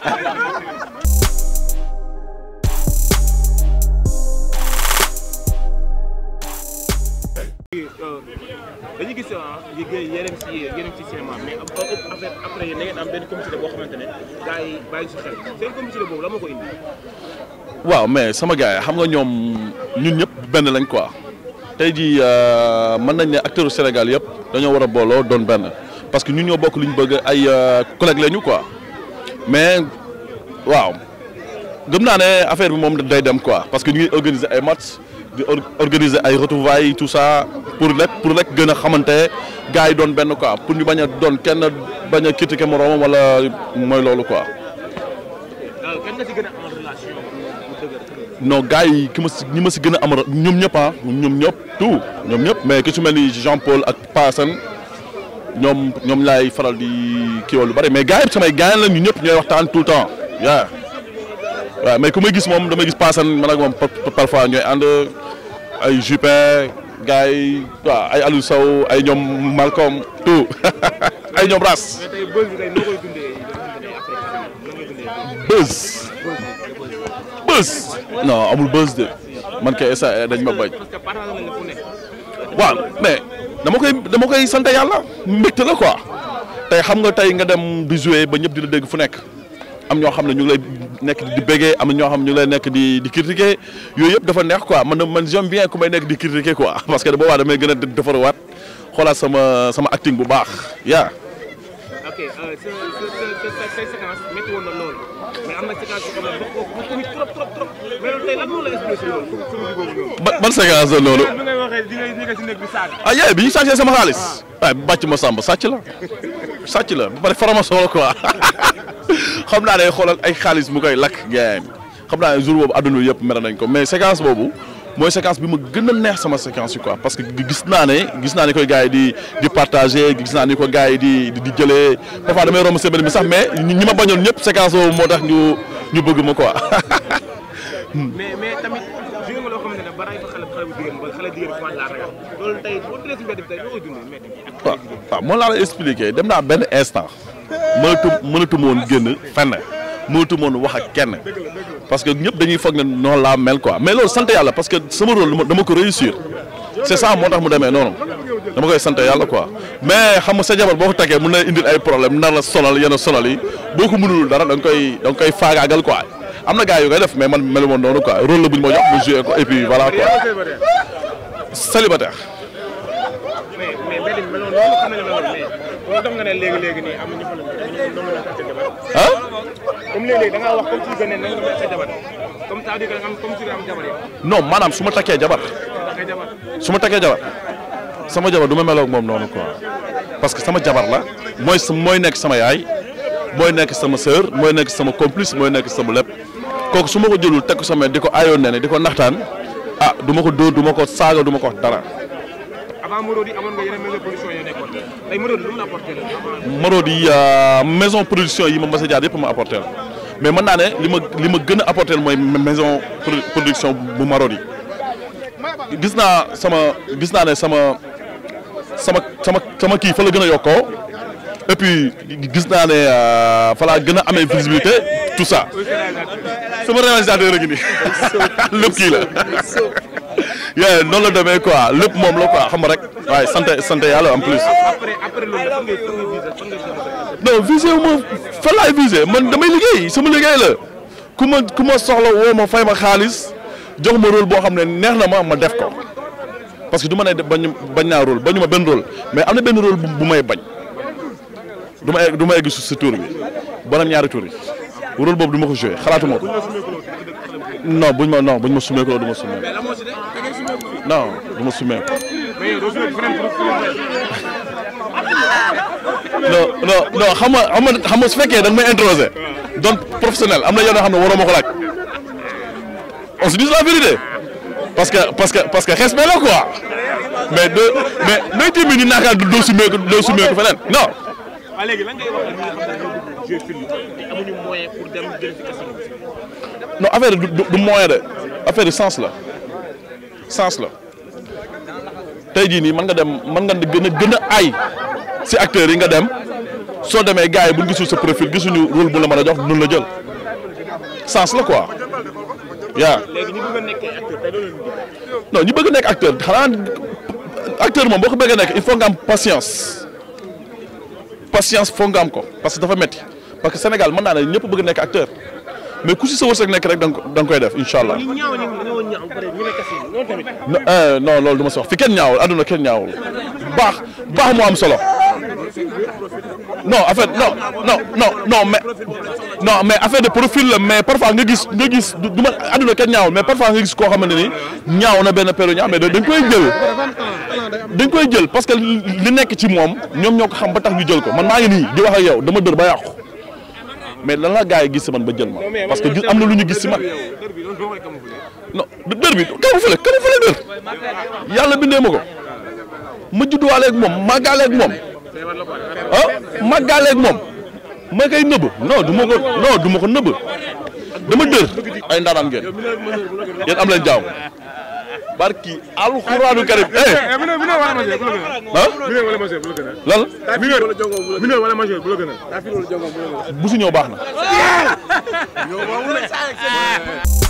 dañu gis ah, waaw mais sama gars yi xam nga ñoom ñun ñëpp benn lañ quoi tey jii euh, mën nañ ne acteurs Sénégal yëpp dañoo war a booloo doon benn parce que ñun ñoo bokk luñ ñu bëgg ay euh, collègues lañu quoi. mais waaw gëm naa ne affaire bi moom day dem quoi parce que ñu ngi organiser ay match di organiser ay retrouvailles tout ça pour rek pour rek gën a xamante gars yi doon benn quoi pour ñu bañ a doon kenn bañ a critiquer moroomam wala mooy loolu quoi. non gars yi ki ma si ñi ma gën a am ñoom ñëpp ah ñoom ñëpp tout ñoom ñëpp mais ki su mel ni Jean Paul ak Pa ñoom ñoom laay faral di kiiwal lu bari mais gars yi samay gars la ñu ñëpp ñooy waxtaan tout le temps mais ku may gis moom damay gis paasan man ak moom parfois ñooy ànd ay Jupin gars yi ay ñoom Malcolm tout ay ñoom Ras. buzz buzz non amul buzz de man kay sa ma bañ waaw dama koy dama koy sant yàlla mbégte la quoi tey xam nga tey nga dem di jouer ba ñëpp di la dégg fu nekk am ñoo xam ne ñu ngi lay nekk di béggee am ñoo xam ne ñu ngi lay nekk di di critiquer yooyu yëpp dafa neex quoi man man j'aime bien ku may nekk di critiquer quoi parce que boobaa damay gën a defarwaat xoolaat sama sama acting bu baax yaa ok euh, ban séquence la loolu. ah yaay bi ñu sama xaalis. Ah. waaye bàcc ma sàmb sàcc la sàcc la ba pare formation la quoi xam naa day xoolal ay xaalis mu koy lakk gaayam xam naa ne jour boobu adduna yëpp mer nañ ko mais séquence boobu mooy séquence bi ma gën a neex sama séquence yi quoi parce que gis naa ne gis naa ne koy gars yi di di partager gis naa ni ko gars yi di di jëlee parfois damay romb seen bi sax mais ñi ma bañoon ñëpp séquence boobu moo tax ñu ñu bëgg ma mais mais tamit joué laa ragal moom laa la expliqué dem naa benn instant mënatu mënatu moon génn fenn mënatu moon wax ak kenn parce que ñëpp dañuy foog na noonu laa mel quoi mais loolu sant yàlla parce que sama rôle dama ko réussir c'est ça moo tax mu demee noonu dama koy sant yàlla quoi mais xam nga sa jabar boo ko takkee mën na indi ay problème nar la sonal yenn sonal yi boo ko munul dara da koy da nga koy faagaagal quoi am na gaa yu koy def mais man melu noonu quoi rôle bu ma jox mu joué ko et puis voilà quoi célibataire. ah. maanaam su ma takkee jabar. su ma takkee jabar sama jabar du ma moom noonu quoi parce que sama jabar la mooy sa mooy nekk sama yaay mooy nekk sama sœur mooy nekk sama complice mooy nekk sama lépp. kooku su ma ko jëlul teg ko di ko aayoon ne ne di ko naxtaan ah duma ko dóor duma ko saaga duma ko wax dara. avant Marodi euh, maison production yi ma mës a yëpp ma apporté mais mën naa ne li ma li ma gën a apporté mooy maison production bu Marodi gis naa sama gis naa ne sama sama sama sama kii fa la gën a yokkoo et puis gis naa ne euh, fa laa gën a amee visibilité tout ça. sama réalisateur rek nii lépp kii la. yooyu noonu la demee quoi lépp moom la quoi xam ma rek waaye sant sant yàlla en plus. non visé wu ma fan man damay liggéey ma liggéey la ku ma ku ma soxla woo ma fay ma xaalis jox ma rôle boo xam ne neex na ma ma def ko parce que du ma ne bañ bañ naa rôle bañu ma benn rôle mais am na benn rôle bu may bañ du ma egg du ma egg si tour bi bonam ñaari tour yi. rôle boobu du ma ko joué xalaatuma ko non buñ ma non buñ ma sumee du ma sumee non du ma sumee non non xam nga xam nga su fekkee da nga may introsé donc professionnel am na yoon yoo xam ne waroo ma ko laaj on se dit la vérité parce que parce que parce que respect la mais de mais nañ tamit ñu naakaan doo sumee doo sumee feneen non. waaw ah, léegi lan ngay wax ak ñi nga xam ne film du du moyen de affaire sens la sens la tey jii nii mën nga dem mën nga gën a gën a si acteur yi nga dem soo demee gars yi bu ñu gisul sa profil gisuñu rôle bu la mën a jox duñu la jël sens la quoi yaa. léegi ñi bëgg a nekk acteur tey loolu xanaa acteur moom boo ko bëggee nekk il faut nga am patience. patience foog nga am ko parce que dafa metti parce que Sénégal mën naa ne ñëpp bëgg nekk acteur mais ku si sa wërsëg nekk rek da koy def incha allah. Euh, non loolu du ma si fi kenn ñaawul àdduna kenn ñaawul baax baax moo am solo non affaire non non non no mais non mais affaire de profil la mais parfois nga gis nga gis du ma àdduna kenn ñaawul mais parfois nga gis koo xamante ni ñaaw na benn peru ñaaw mais dañ koy jël. dañ koy jël parce que li nekk ci moom ñoom ñoo ko xam ba tax ñu jël ko man maa ngi nii di wax yow dama dër ba yàqu mais lan la gars yi gis si man ba jël ma parce que gis am na lu ñu gis si man non dër bi camouflé camouflé dër yàlla bindee ma ko ma judduwaale moom màggaale ak moom ah màggaale ak moom ma koy nëbb non du ma ko non du ma ko nëbb dama dër ay ndaanaan ngeen yéen am leen jaaw barki alxuraanu karim. eh mineur eh. eh, mineur wala majeur bu la gën a. ah mineur wala majeur la gën a. lan la mineur mineur bu la gën a. bu baax na.